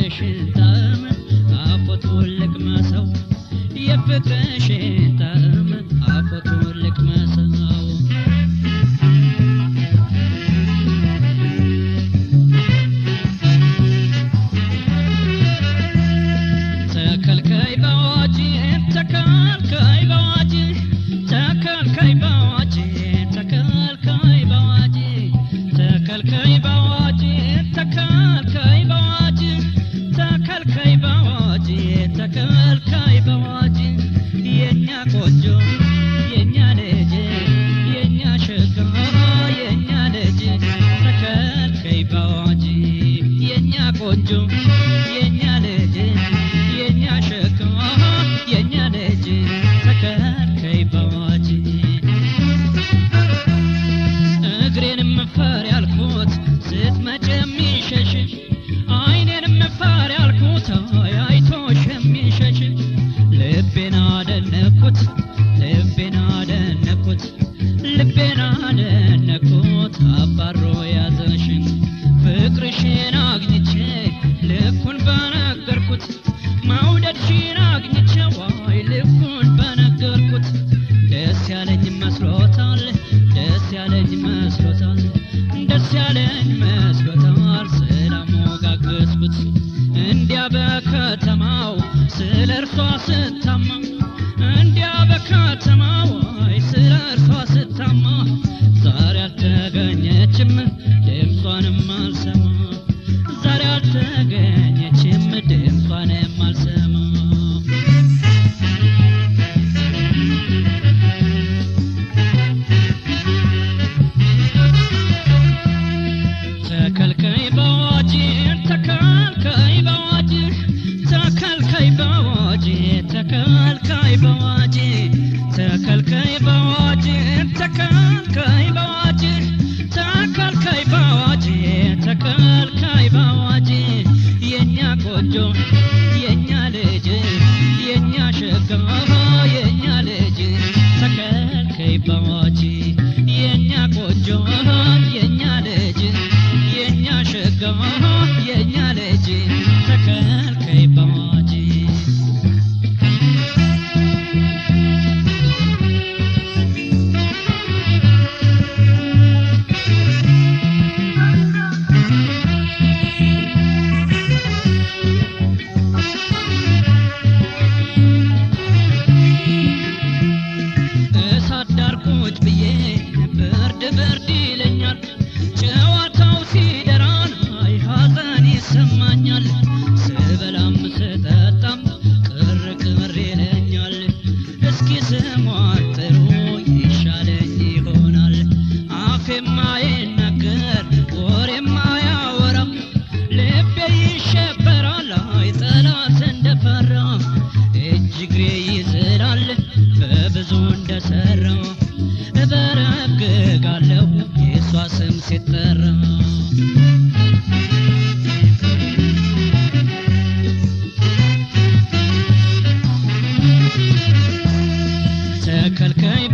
የፍቅርሽ ጣዕም አፎት ወለቅ ማሰው የፍቅርሽ ተከልካይ በዋጅ የኛ ቆንጆ የኛ ልጅ የኛ ሸጋ የኛ ልጅ ተከልካይ በዋጅ የኛ ቆንጆ አደነኩት ልቤን አደነኩት ልቤን አደነኩት አባሮ ያዘሽን ፍቅርሽን አግኝቼ ልኩን በነገርኩት መውደድሽን አግኝቼ ዋይ ልኩን በነገርኩት ደስ ያለኝ መስሎታል ደስ ያለኝ መስሎታል ደስ ያለኝ መስሎታል ሻ ተማዋይ ስለ እርሷ ስታማ የኛ ቆጆ የኛ ልጅ የኛ ሸጋ የኛ የማይነገር ወር የማያወራ ልቤ ይሸበራል አይ ጠላት እንደፈራ እጅ እግሬ ይዝላል በብዙ እንደሰራ እበረግጋለሁ የእሷ ስም ሲጠራ ተከልካይ